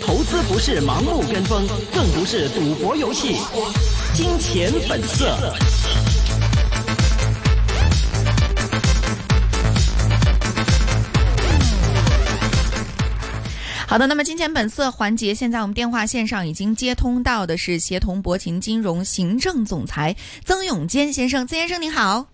投資不是盲目跟風，更不是賭博遊戲。金錢本色。好的，那麼金錢本色環節，現在我們電話線上已經接通到的是協同博勤金融行政總裁曾永堅先生。曾先生您好。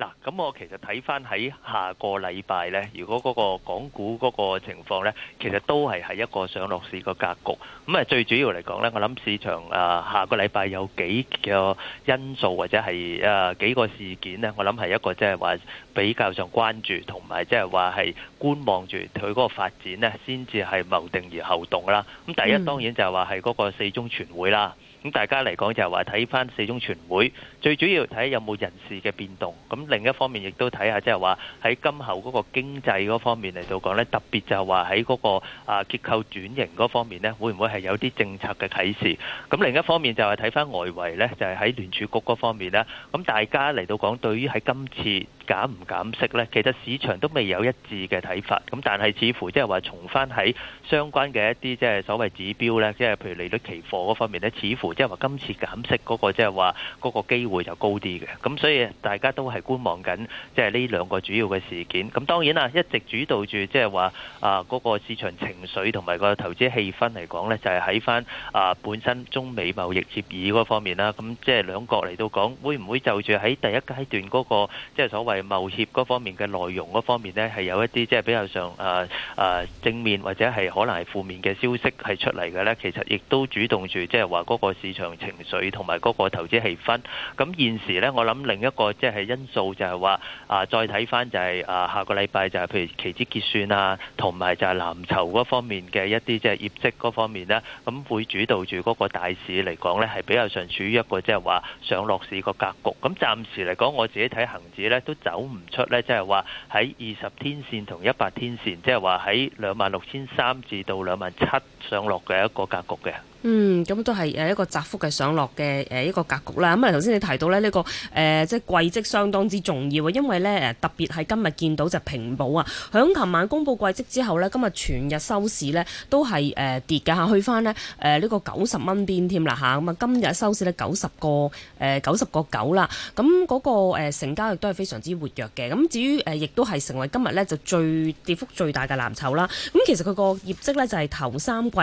嗱，咁我其實睇翻喺下個禮拜呢。如果嗰個港股嗰個情況呢，其實都係係一個上落市個格局。咁啊，最主要嚟講呢，我諗市場啊，下個禮拜有幾個因素或者係啊幾個事件呢，我諗係一個即係話比較上關注同埋即係話係觀望住佢嗰個發展呢，先至係謀定而後動啦。咁第一當然就係話係嗰個四中全會啦。咁大家嚟講就係話睇翻四中全會，最主要睇有冇人事嘅變動。咁另一方面亦都睇下，即係話喺今後嗰個經濟嗰方面嚟到講呢，特別就係話喺嗰個啊結構轉型嗰方面呢，會唔會係有啲政策嘅啟示？咁另一方面就係睇翻外圍呢，就係喺聯儲局嗰方面啦。咁大家嚟到講對於喺今次減唔減息呢？其實市場都未有一致嘅睇法。咁但係似乎即係話重返喺相關嘅一啲即係所謂指標呢，即係譬如利率期貨嗰方面呢，似乎即係話今次減息嗰個即係話嗰個機會就高啲嘅。咁所以大家都係觀望緊，即係呢兩個主要嘅事件。咁當然啦，一直主導住即係話啊嗰個市場情緒同埋個投資氣氛嚟講呢，就係喺翻啊本身中美貿易協議嗰方面啦。咁即係兩國嚟到講，會唔會就住喺第一階段嗰個即係所謂？貿協嗰方面嘅內容嗰方面呢，係有一啲即係比較上誒誒、呃呃、正面或者係可能係負面嘅消息係出嚟嘅呢。其實亦都主動住即係話嗰個市場情緒同埋嗰個投資氣氛。咁現時呢，我諗另一個即係因素就係話啊，再睇翻就係、是、啊下個禮拜就係譬如期指結算啊，同埋就係藍籌嗰方面嘅一啲即係業績嗰方面呢，咁會主導住嗰個大市嚟講呢，係比較上處於一個即係話上落市個格局。咁暫時嚟講，我自己睇恒指呢都。走唔出呢，即係話喺二十天線同一百天線，即係話喺兩萬六千三至到兩萬七上落嘅一個格局嘅。嗯，咁都係一個窄幅嘅上落嘅一個格局啦。咁啊頭先你提到咧呢、這個誒、呃、即係季績相當之重要啊，因為咧特別係今日見到就平保啊，響琴晚公佈季績之後咧，今日全日收市都、呃這個、咧都係跌嘅下去翻呢呢個九十蚊邊添啦嚇。咁啊今日收市咧九十個誒九十個九啦。咁、呃、嗰個成交亦都係非常之活躍嘅。咁至於亦都係成為今日咧就最跌幅最大嘅藍籌啦。咁其實佢個業績咧就係頭三季。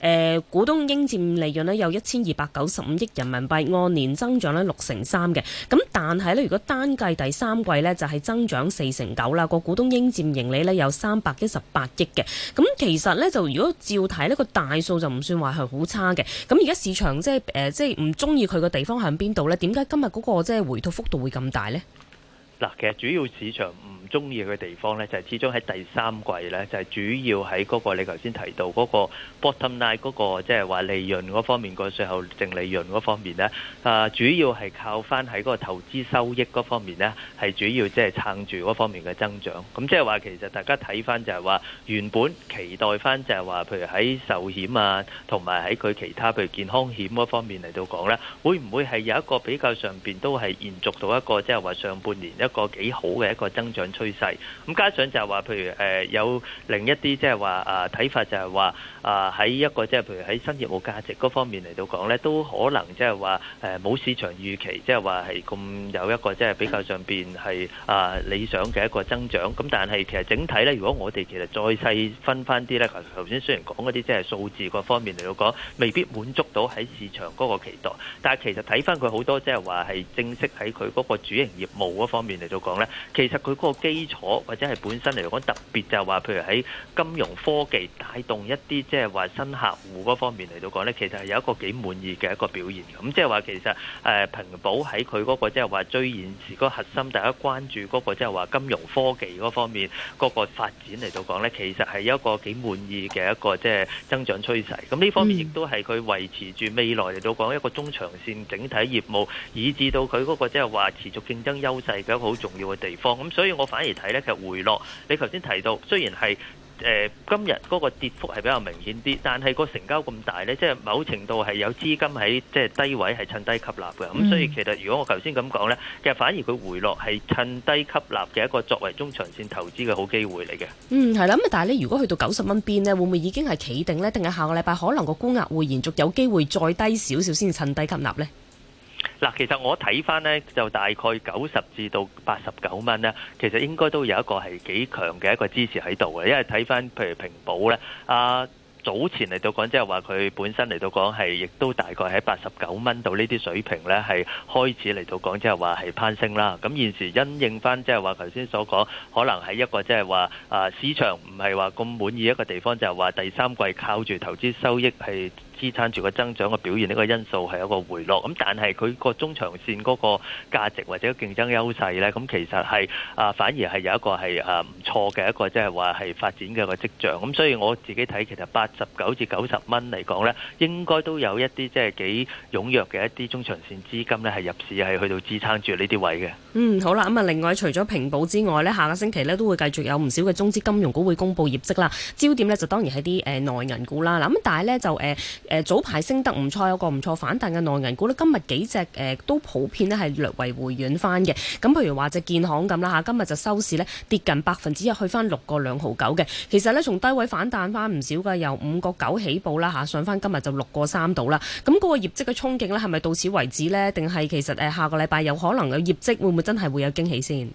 誒，股東應佔利潤呢有一千二百九十五億人民幣，按年增長呢六成三嘅。咁但係呢，如果單計第三季呢，就係增長四成九啦。個股東應佔盈利呢有三百一十八億嘅。咁其實呢，就如果照睇呢個大數就唔算話係好差嘅。咁而家市場即係誒，即係唔中意佢嘅地方喺邊度呢？點解今日嗰個即係回吐幅度會咁大呢？嗱，其實主要市場中意嘅地方呢，就係始終喺第三季呢，就係主要喺嗰個你頭先提到嗰個 bottom line 嗰個，即係話利潤嗰方面，嗰個稅後淨利潤嗰方面呢，啊，主要係靠翻喺嗰個投資收益嗰方面呢，係主要即係撐住嗰方面嘅增長。咁即係話其實大家睇翻就係話原本期待翻就係話，譬如喺壽險啊，同埋喺佢其他譬如健康險嗰方面嚟到講呢會唔會係有一個比較上面都係延續到一個即係話上半年一個幾好嘅一個增長？趨勢咁加上就係話，譬如誒有另一啲即係話啊睇法就係話啊喺一個即係譬如喺新業務價值嗰方面嚟到講咧，都可能即係話誒冇市場預期，即係話係咁有一個即係比較上邊係啊理想嘅一個增長。咁但係其實整體咧，如果我哋其實再細分翻啲咧，頭先雖然講嗰啲即係數字嗰方面嚟到講，未必滿足到喺市場嗰個期待。但係其實睇翻佢好多即係話係正式喺佢嗰個主營業務嗰方面嚟到講咧，其實佢嗰個。基礎或者係本身嚟講特別就係話，譬如喺金融科技帶動一啲即係話新客戶嗰方面嚟到講呢，其實係有一個幾滿意嘅一個表現。咁即係話其實誒平保喺佢嗰個即係話最現時嗰核心大家關注嗰個即係話金融科技嗰方面嗰個發展嚟到講呢，其實係一個幾滿意嘅一個即係增長趨勢。咁呢方面亦都係佢維持住未來嚟到講一個中長線整體業務，以至到佢嗰個即係話持續競爭優勢嘅一個好重要嘅地方。咁所以我反而睇咧，其實回落。你頭先提到，雖然係誒、呃、今日嗰個跌幅係比較明顯啲，但係個成交咁大咧，即係某程度係有資金喺即係低位係趁低吸納嘅。咁、嗯、所以其實如果我頭先咁講咧，其實反而佢回落係趁低吸納嘅一個作為中長線投資嘅好機會嚟嘅。嗯，係啦。咁啊，但係咧，如果去到九十蚊邊咧，會唔會已經係企定咧？定係下個禮拜可能個沽壓會延續有機會再低少少先趁低吸納咧？嗱，其實我睇翻呢，就大概九十至到八十九蚊呢，其實應該都有一個係幾強嘅一個支持喺度嘅，因為睇翻譬如平保呢，啊早前嚟到講即係話佢本身嚟到講係亦都大概喺八十九蚊到呢啲水平呢，係開始嚟到講即係話係攀升啦。咁現時因應翻即係話頭先所講，可能係一個即係話啊市場唔係話咁滿意一個地方，就係話第三季靠住投資收益係，支撐住個增長嘅表現，呢個因素係一個回落。咁但係佢個中長線嗰個價值或者競爭優勢咧，咁其實係啊，反而係有一個係啊唔錯嘅一個即係話係發展嘅個跡象。咁所以我自己睇，其實八十九至九十蚊嚟講咧，應該都有一啲即係幾踴躍嘅一啲中長線資金咧係入市係去到支撐住呢啲位嘅。嗯，好啦，咁啊，另外除咗平保之外咧，下個星期咧都會繼續有唔少嘅中資金融股會公布業績啦。焦點咧就當然係啲誒內銀股啦。嗱咁，但係咧就誒。誒早排升得唔錯，有個唔錯反彈嘅內銀股咧。今日幾隻誒都普遍咧係略為回軟翻嘅。咁譬如話隻建行咁啦嚇，今日就收市呢，跌近百分之一，去翻六個兩毫九嘅。其實呢，從低位反彈翻唔少嘅，由五個九起步啦嚇，上翻今日就六個三到啦。咁嗰個業績嘅衝勁呢，係咪到此為止呢？定係其實誒下個禮拜有可能有業績會唔會真係會有驚喜先？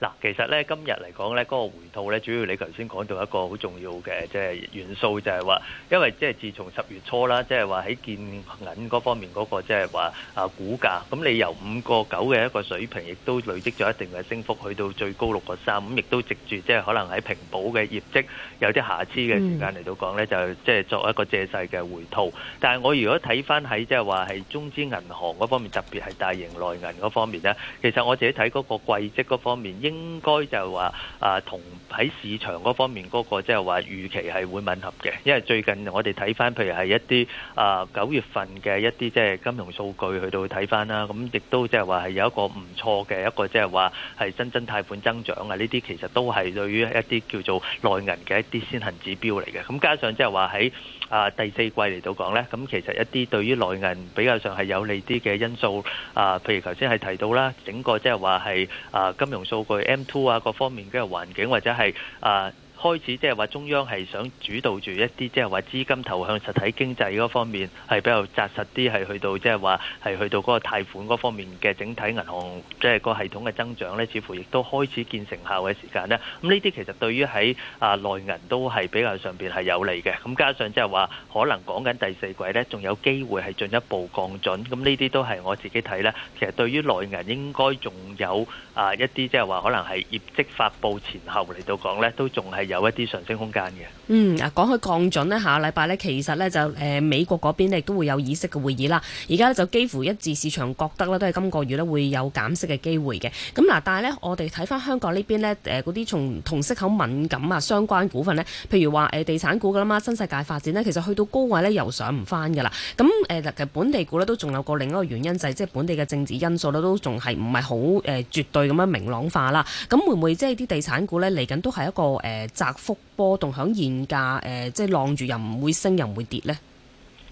嗱，其實咧今日嚟講咧，嗰個回吐咧，主要你頭先講到一個好重要嘅即係元素，就係話，因為即係自從十月初啦，即係話喺建銀嗰方面嗰個即係話啊股價，咁你由五個九嘅一個水平，亦都累積咗一定嘅升幅，去到最高六個三，咁亦都藉住即係可能喺平保嘅業績有啲瑕疵嘅時間嚟到講咧，就即係作一個借勢嘅回吐。但係我如果睇返喺即係話係中資銀行嗰方面，特別係大型內銀嗰方面咧，其實我自己睇嗰個季績嗰方面。應該就係話啊，同喺市場嗰方面嗰個即係話預期係會吻合嘅，因為最近我哋睇翻，譬如係一啲啊九月份嘅一啲即係金融數據去到睇翻啦，咁亦都即係話係有一個唔錯嘅一個即係話係新增貸款增長啊，呢啲其實都係對於一啲叫做內銀嘅一啲先行指標嚟嘅，咁加上即係話喺，啊，第四季嚟到講咧，咁其實一啲對於內銀比較上係有利啲嘅因素啊，譬如頭先係提到啦，整個即係話係啊金融數據 M2 啊各方面嘅環境或者係啊。開始即係話中央係想主導住一啲即係話資金投向實體經濟嗰方面係比較紮實啲，係去到即係話係去到嗰個貸款嗰方面嘅整體銀行即係個系統嘅增長呢，似乎亦都開始見成效嘅時間呢。咁呢啲其實對於喺啊內銀都係比較上邊係有利嘅。咁加上即係話可能講緊第四季呢，仲有機會係進一步降準。咁呢啲都係我自己睇呢，其實對於內銀應該仲有啊一啲即係話可能係業績發布前後嚟到講呢，都仲係有，有一啲上升空間嘅。嗯，嗱，講開降準咧，下禮拜呢，其實呢就誒美國嗰邊都會有議息嘅會議啦。而家咧就幾乎一致市場覺得咧都係今個月咧會有減息嘅機會嘅。咁嗱，但係呢，我哋睇翻香港呢邊呢，誒嗰啲從同息口敏感啊相關股份呢，譬如話誒地產股噶啦嘛，新世界發展呢，其實去到高位呢，又上唔翻噶啦。咁誒其實本地股呢，都仲有個另一個原因，就係即係本地嘅政治因素呢，都仲係唔係好誒絕對咁樣明朗化啦。咁會唔會即係啲地產股呢，嚟緊都係一個誒？窄幅波動，響現價誒、呃，即係浪住又唔會升又唔會跌咧。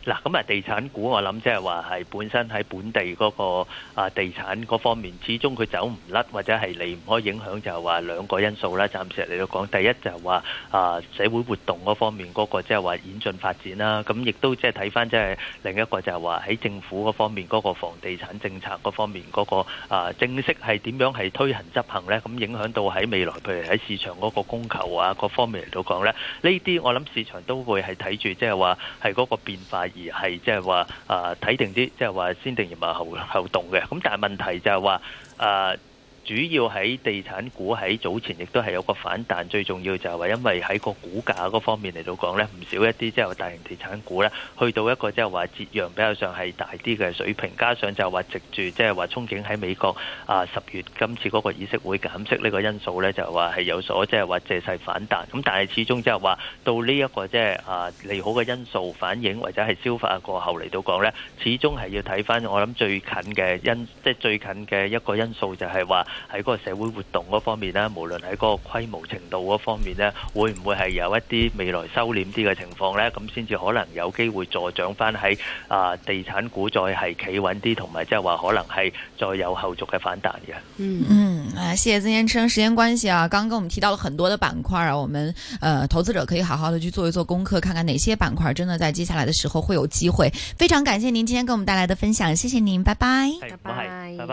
嗱，咁啊，地產股我諗即係話係本身喺本地嗰個啊地產嗰方面，始終佢走唔甩，或者係離唔開影響，就係話兩個因素啦。暫時嚟到講，第一就係話啊社會活動嗰方面嗰個即係話演進發展啦，咁亦都即係睇翻即係另一個就係話喺政府嗰方面嗰個房地產政策嗰方面嗰個啊正式係點樣係推行執行咧，咁影響到喺未來譬如喺市場嗰個供求啊各方面嚟到講咧，呢啲我諗市場都會係睇住即係話，係嗰個變化。而係即係話，呃，睇定啲，即係話先定然後後動嘅。咁但係問題就係話，呃。主要喺地產股喺早前亦都係有個反彈，最重要就係話因為喺個股價嗰方面嚟到講呢，唔少一啲即係大型地產股呢，去到一個即係話折讓比較上係大啲嘅水平，加上就話藉住即係話憧憬喺美國啊十月今次嗰個議息會減息呢個因素呢，就話係有所即係話借勢反彈。咁但係始終即係話到呢一個即係啊利好嘅因素反映或者係消化過後嚟到講呢，始終係要睇翻我諗最近嘅因即係最近嘅一個因素就係話。喺嗰個社會活動嗰方面呢，無論喺嗰個規模程度嗰方面呢，會唔會係有一啲未來收斂啲嘅情況呢？咁先至可能有機會助長翻喺啊地產股再係企穩啲，同埋即係話可能係再有後續嘅反彈嘅。嗯嗯，啊，謝謝曾先生，時間關係啊，剛剛跟我們提到了很多的板塊啊，我們呃投資者可以好好的去做一做功課，看看哪些板塊真的在接下來的時候會有機會。非常感謝您今天給我們帶來的分享，謝謝您，拜拜，拜拜。拜拜